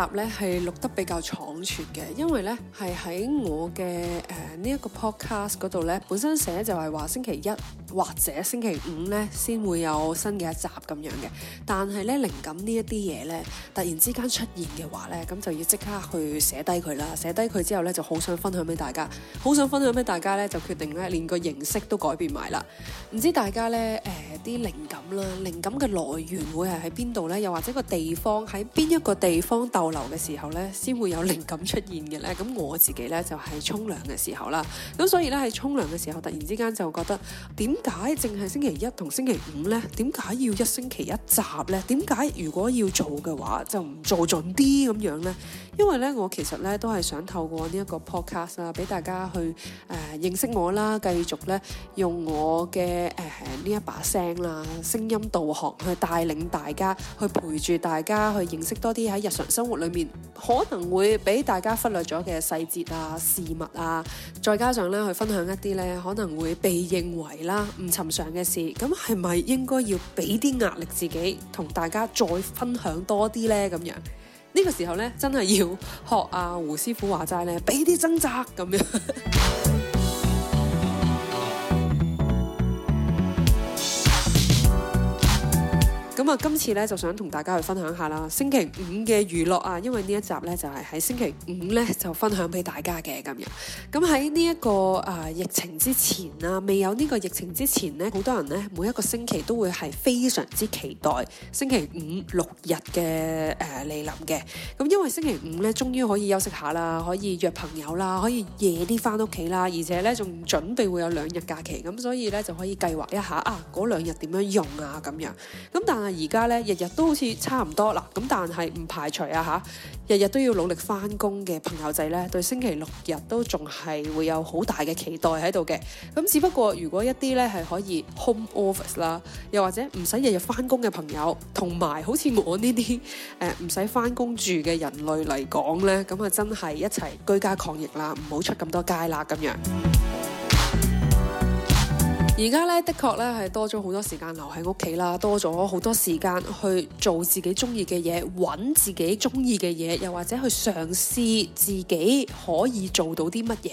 集咧係錄得比較倉促嘅，因為咧係喺我嘅誒、呃這個、呢一個 podcast 度咧，本身寫就係話星期一或者星期五咧先會有新嘅一集咁樣嘅，但係咧靈感呢一啲嘢咧突然之間出現嘅話咧，咁就要即刻去寫低佢啦，寫低佢之後咧就好想分享俾大家，好想分享俾大家咧，就決定咧連個形式都改變埋啦。唔知大家咧誒啲靈感啦，靈感嘅來源會係喺邊度咧？又或者個地方喺邊一個地方逗？流嘅時候咧，先會有靈感出現嘅咧。咁我自己咧就係沖涼嘅時候啦。咁所以咧喺沖涼嘅時候，突然之間就覺得，點解淨係星期一同星期五咧？點解要一星期一集咧？點解如果要做嘅話，就唔做盡啲咁樣咧？因為咧，我其實咧都係想透過呢一個 podcast 啦，俾大家去誒認識我啦。繼續咧用我嘅誒呢一把聲啦，聲音導航去帶領大家，去陪住大家去認識多啲喺日常生活。生活裏面可能會俾大家忽略咗嘅細節啊、事物啊，再加上咧去分享一啲咧可能會被認為啦唔尋常嘅事，咁係咪應該要俾啲壓力自己同大家再分享多啲呢？咁樣呢、呢個時候咧，真係要學阿、啊、胡師傅話齋咧，俾啲掙扎咁樣。 咁今次咧就想同大家去分享下啦。星期五嘅娛樂啊，因為呢一集咧就係喺星期五咧就分享俾大家嘅咁樣。咁喺呢一個啊、呃、疫情之前啊，未有呢個疫情之前呢，好多人呢，每一個星期都會係非常之期待星期五六日嘅誒、呃、來臨嘅。咁因為星期五咧，終於可以休息下啦，可以約朋友啦，可以夜啲返屋企啦，而且咧仲準備會有兩日假期，咁所以咧就可以計劃一下啊，嗰兩日點樣用啊咁樣。咁但係，而家咧日日都好似差唔多啦，咁但係唔排除啊，吓日日都要努力翻工嘅朋友仔咧，對星期六日都仲係會有好大嘅期待喺度嘅。咁只不過如果一啲咧係可以 home office 啦，又或者唔使日日翻工嘅朋友，同埋好似我呢啲誒唔使翻工住嘅人類嚟講咧，咁啊真係一齊居家抗疫啦，唔好出咁多街啦，咁樣。而家咧，的確咧係多咗好多時間留喺屋企啦，多咗好多時間去做自己中意嘅嘢，揾自己中意嘅嘢，又或者去嘗試自己可以做到啲乜嘢。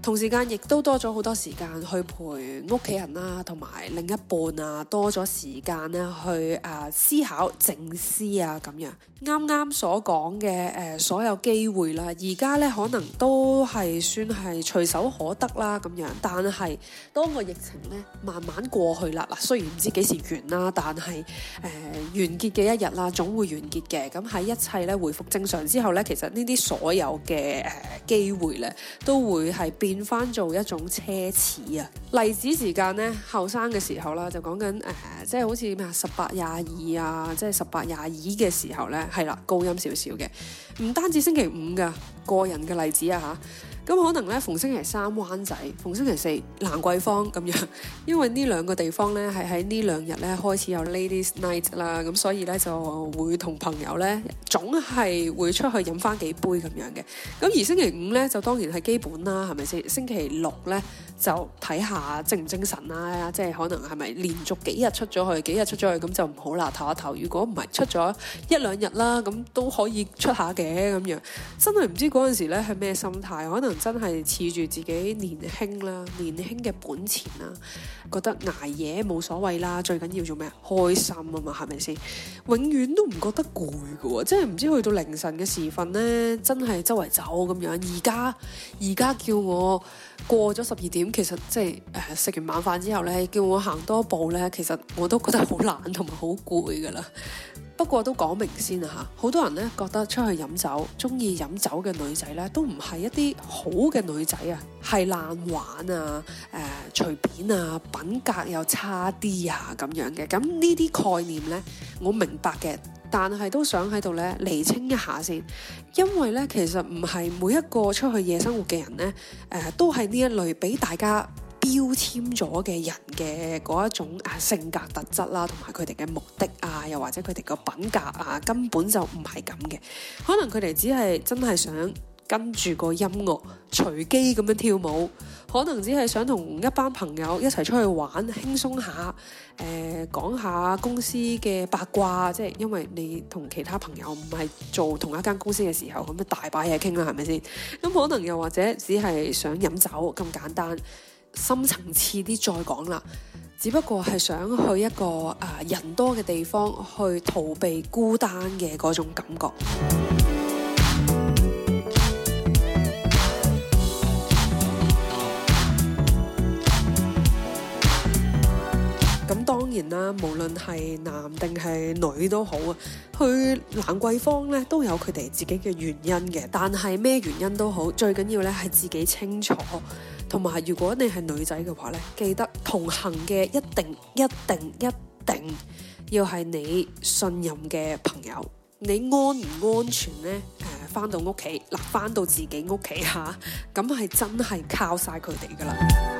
同時間亦都多咗好多時間去陪屋企人啦，同埋另一半啊，多咗時間咧去啊思考、靜思啊咁樣。啱啱所講嘅誒所有機會啦，而家咧可能都係算係隨手可得啦咁樣。但係當個疫情咧，慢慢過去啦，嗱，雖然唔知幾時完啦，但係誒、呃、完結嘅一日啦，總會完結嘅。咁喺一切咧回復正常之後咧，其實呢啲所有嘅誒機會咧，都會係變返做一種奢侈啊。例子時間咧，後生嘅時候啦，就講緊誒，即、呃、係、就是、好似咩十八廿二啊，即係十八廿二嘅時候咧，係啦，高音少少嘅，唔單止星期五㗎。個人嘅例子啊嚇，咁可能咧逢星期三灣仔，逢星期四蘭桂坊咁樣，因為呢兩個地方咧係喺呢兩日咧開始有 Ladies Night 啦，咁、啊、所以咧就會同朋友咧總係會出去飲翻幾杯咁樣嘅。咁而星期五咧就當然係基本啦，係咪先？星期六咧就睇下精唔精神啦，啊、即係可能係咪連續幾日出咗去，幾日出咗去咁就唔好啦，唞一唞。如果唔係出咗一兩日啦，咁都可以出下嘅咁樣，真係唔知。嗰陣時咧係咩心態？可能真係恃住自己年輕啦、年輕嘅本錢啦，覺得捱夜冇所謂啦。最緊要做咩啊？開心啊嘛，係咪先？永遠都唔覺得攰㗎喎，即係唔知去到凌晨嘅時分呢，真係周圍走咁樣。而家而家叫我過咗十二點，其實即係誒食完晚飯之後呢，叫我行多一步呢，其實我都覺得好懶同埋好攰㗎啦。不過都講明先啊，好多人咧覺得出去飲酒，鍾意飲酒嘅女仔咧都唔係一啲好嘅女仔啊，係爛玩啊，誒、呃、隨便啊，品格又差啲啊咁樣嘅。咁呢啲概念呢，我明白嘅，但係都想喺度呢釐清一下先，因為呢，其實唔係每一個出去夜生活嘅人呢，誒、呃、都係呢一類，畀大家標籤咗嘅人嘅嗰一種啊性格特質啦，同埋佢哋嘅目的啊，又或者佢哋嘅品格啊，根本就唔係咁嘅。可能佢哋只係真係想跟住個音樂隨機咁樣跳舞，可能只係想同一班朋友一齊出去玩，輕鬆下。誒、呃，講下公司嘅八卦，即係因為你同其他朋友唔係做同一間公司嘅時候，咁啊大把嘢傾啦，係咪先？咁可能又或者只係想飲酒咁簡單。深層次啲再講啦，只不過係想去一個啊、呃、人多嘅地方去逃避孤單嘅嗰種感覺。咁 當然啦，無論係男定係女都好啊，去蘭桂坊咧都有佢哋自己嘅原因嘅。但係咩原因都好，最緊要咧係自己清楚。同埋，如果你係女仔嘅話呢，記得同行嘅一定、一定、一定要係你信任嘅朋友。你安唔安全呢？誒，返到屋企嗱，返到自己屋企吓，咁、啊、係真係靠晒佢哋噶啦。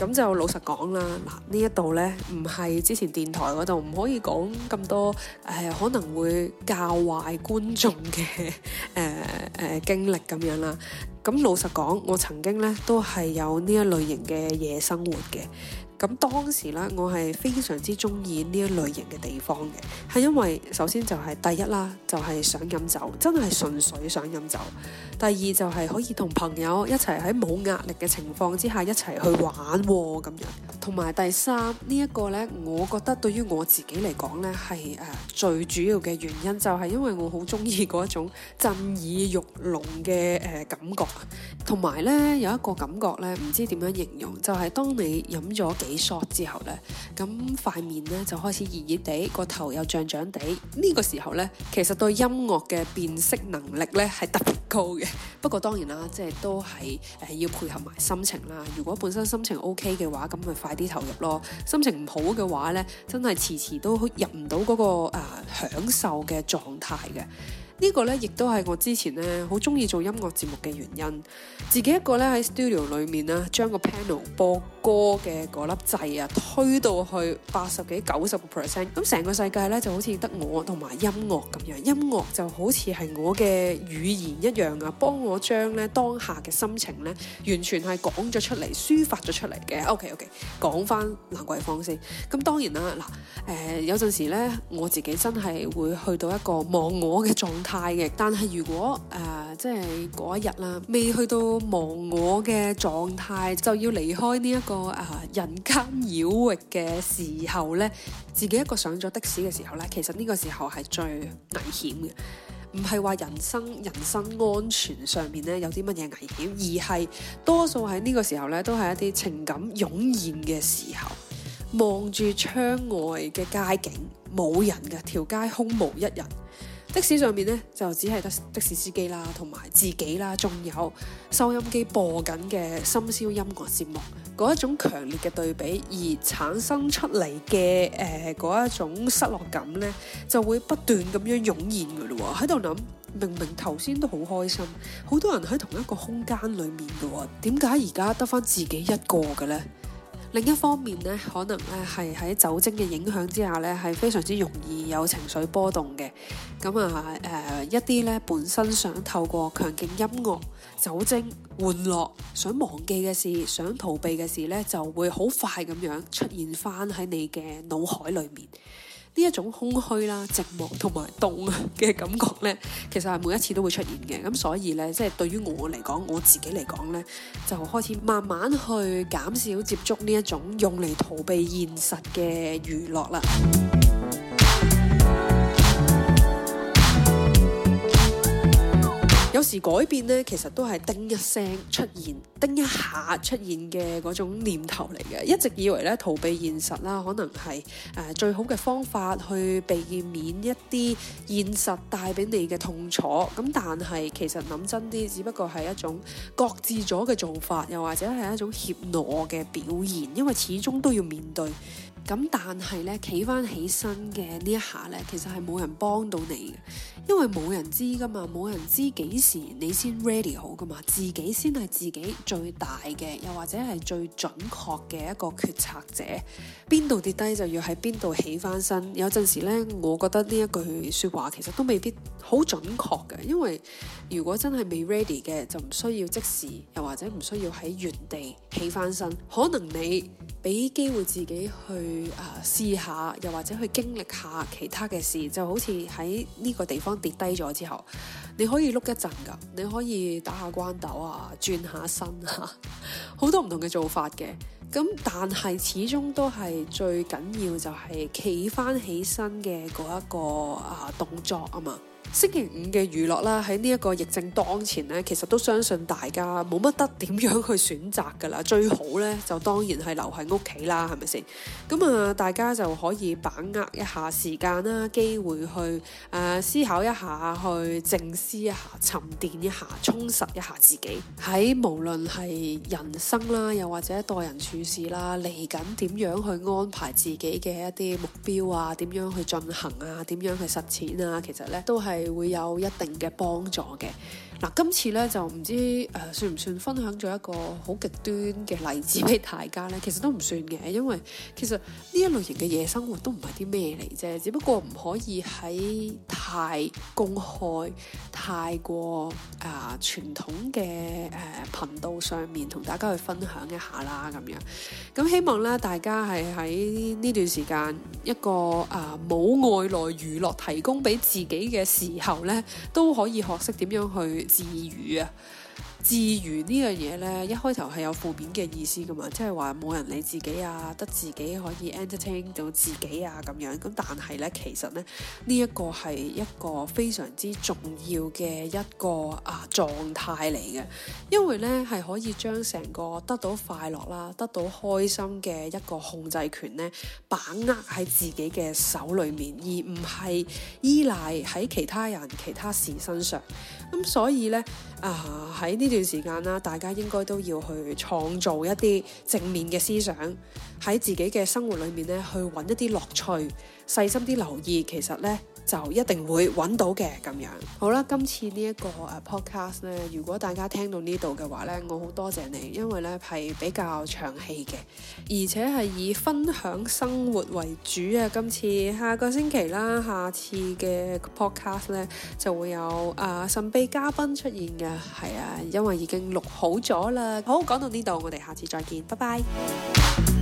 咁就老實講啦，嗱呢一度呢唔係之前電台嗰度，唔可以講咁多誒、呃，可能會教壞觀眾嘅誒誒經歷咁樣啦。咁老實講，我曾經呢都係有呢一類型嘅夜生活嘅。咁當時咧，我係非常之中意呢一類型嘅地方嘅，係因為首先就係第一啦，就係想飲酒，真係純粹想飲酒；第二就係可以同朋友一齊喺冇壓力嘅情況之下一齊去玩咁樣，同埋第三呢一個呢，我覺得對於我自己嚟講呢，係誒最主要嘅原因，就係因為我好中意嗰一種震耳欲聾嘅誒感覺，同埋呢，有一個感覺呢，唔知點樣形容，就係當你飲咗幾萎索之後呢，咁塊面呢就開始熱熱地，個頭又脹脹地。呢個時候呢，其實對音樂嘅辨識能力呢係特別高嘅。不過當然啦，即係都係誒要配合埋心情啦。如果本身心情 OK 嘅話，咁咪快啲投入咯。心情唔好嘅話呢，真係遲遲都入唔到嗰個誒、呃、享受嘅狀態嘅。個呢個咧，亦都係我之前咧好中意做音樂節目嘅原因。自己一個咧喺 studio 裏面啊，將個 panel 播歌嘅粒掣啊，推到去八十幾九十個 percent。咁成、嗯、個世界咧就好似得我同埋音樂咁樣，音樂就好似係我嘅語言一樣啊，幫我將咧當下嘅心情咧，完全係講咗出嚟、抒發咗出嚟嘅。OK，OK，okay, okay, 講翻蘭桂坊先。咁、嗯、當然啦，嗱，誒、呃、有陣時咧，我自己真係會去到一個忘我嘅狀態。態嘅，但係如果誒、呃，即係一日啦，未去到忘我嘅狀態，就要離開呢、這、一個誒、呃、人間妖域嘅時候咧，自己一個上咗的士嘅時候呢，其實呢個時候係最危險嘅，唔係話人生人生安全上面咧有啲乜嘢危險，而係多數喺呢個時候呢都係一啲情感湧現嘅時候，望住窗外嘅街景，冇人嘅，條街空無一人。的士上面呢，就只係的士的士司機啦，同埋自己啦，仲有收音機播緊嘅深宵音樂節目嗰一種強烈嘅對比，而產生出嚟嘅誒嗰一種失落感呢，就會不斷咁樣湧現噶咯喎。喺度諗，明明頭先都好開心，好多人喺同一個空間裏面噶，點解而家得翻自己一個嘅呢？另一方面呢，可能咧係喺酒精嘅影響之下呢，係非常之容易有情緒波動嘅。咁啊，誒、呃，一啲咧本身想透過強勁音樂酒精、玩樂，想忘記嘅事，想逃避嘅事咧，就會好快咁樣出現翻喺你嘅腦海裏面。呢一種空虛啦、寂寞同埋凍啊嘅感覺咧，其實，係每一次都會出現嘅。咁所以咧，即、就、係、是、對於我嚟講我自己嚟講咧，就開始慢慢去減少接觸呢一種用嚟逃避現實嘅娛樂啦。有時改變咧，其實都係叮一聲出現、叮一下出現嘅嗰種念頭嚟嘅。一直以為咧逃避現實啦，可能係誒、呃、最好嘅方法去避免一啲現實帶俾你嘅痛楚。咁但係其實諗真啲，只不過係一種擱置咗嘅做法，又或者係一種怯懦嘅表現。因為始終都要面對。咁但係咧，企翻起身嘅呢一下呢，其實係冇人幫到你，因為冇人知噶嘛，冇人知幾時你先 ready 好噶嘛，自己先係自己最大嘅，又或者係最準確嘅一個決策者，邊度跌低就要喺邊度起翻身。有陣時呢，我覺得呢一句說話其實都未必好準確嘅，因為如果真係未 ready 嘅，就唔需要即時，又或者唔需要喺原地起翻身。可能你俾機會自己去。去啊，試下，又或者去經歷下其他嘅事，就好似喺呢個地方跌低咗之後，你可以碌一陣㗎，你可以打下關斗啊，轉下身啊，好多唔同嘅做法嘅。咁但係始終都係最緊要就係企翻起身嘅嗰一個啊動作啊嘛。星期五嘅娛樂啦，喺呢一個疫症當前呢，其實都相信大家冇乜得點樣去選擇㗎啦，最好呢，就當然係留喺屋企啦，係咪先？咁啊，大家就可以把握一下時間啦，機會去誒、呃、思考一下，去靜思一下，沉澱一下，充實一下自己。喺無論係人生啦，又或者待人處事啦，嚟緊點樣去安排自己嘅一啲目標啊，點樣去進行啊，點樣去實踐啊，其實呢都係。係會有一定嘅幫助嘅。嗱，今次咧就唔知誒算唔算分享咗一個好極端嘅例子俾大家呢，其實都唔算嘅，因為其實呢一類型嘅夜生活都唔係啲咩嚟啫，只不過唔可以喺太公開太過啊呃、傳統嘅、呃、頻道上面同大家去分享一下啦咁樣。咁希望咧大家係喺呢段時間一個啊呃、冇外來娛樂提供俾自己嘅時候呢，都可以學識點樣去。自語自娛呢樣嘢呢，一開頭係有負面嘅意思噶嘛，即係話冇人理自己啊，得自己可以 entertain 到自己啊咁樣。咁但係呢，其實呢，呢、這、一個係一個非常之重要嘅一個啊狀態嚟嘅，因為呢，係可以將成個得到快樂啦、得到開心嘅一個控制權呢，把握喺自己嘅手裏面，而唔係依賴喺其他人、其他事身上。咁、嗯、所以呢。啊喺。喺呢段時間啦，大家應該都要去創造一啲正面嘅思想，喺自己嘅生活裏面咧，去揾一啲樂趣，細心啲留意，其實咧。就一定會揾到嘅，咁樣好啦。今次呢一個誒 podcast 呢，如果大家聽到呢度嘅話呢，我好多謝你，因為呢係比較長氣嘅，而且係以分享生活為主啊。今次下個星期啦，下次嘅 podcast 呢，就會有啊、呃、神秘嘉賓出現嘅，係啊，因為已經錄好咗啦。好，講到呢度，我哋下次再見，拜拜。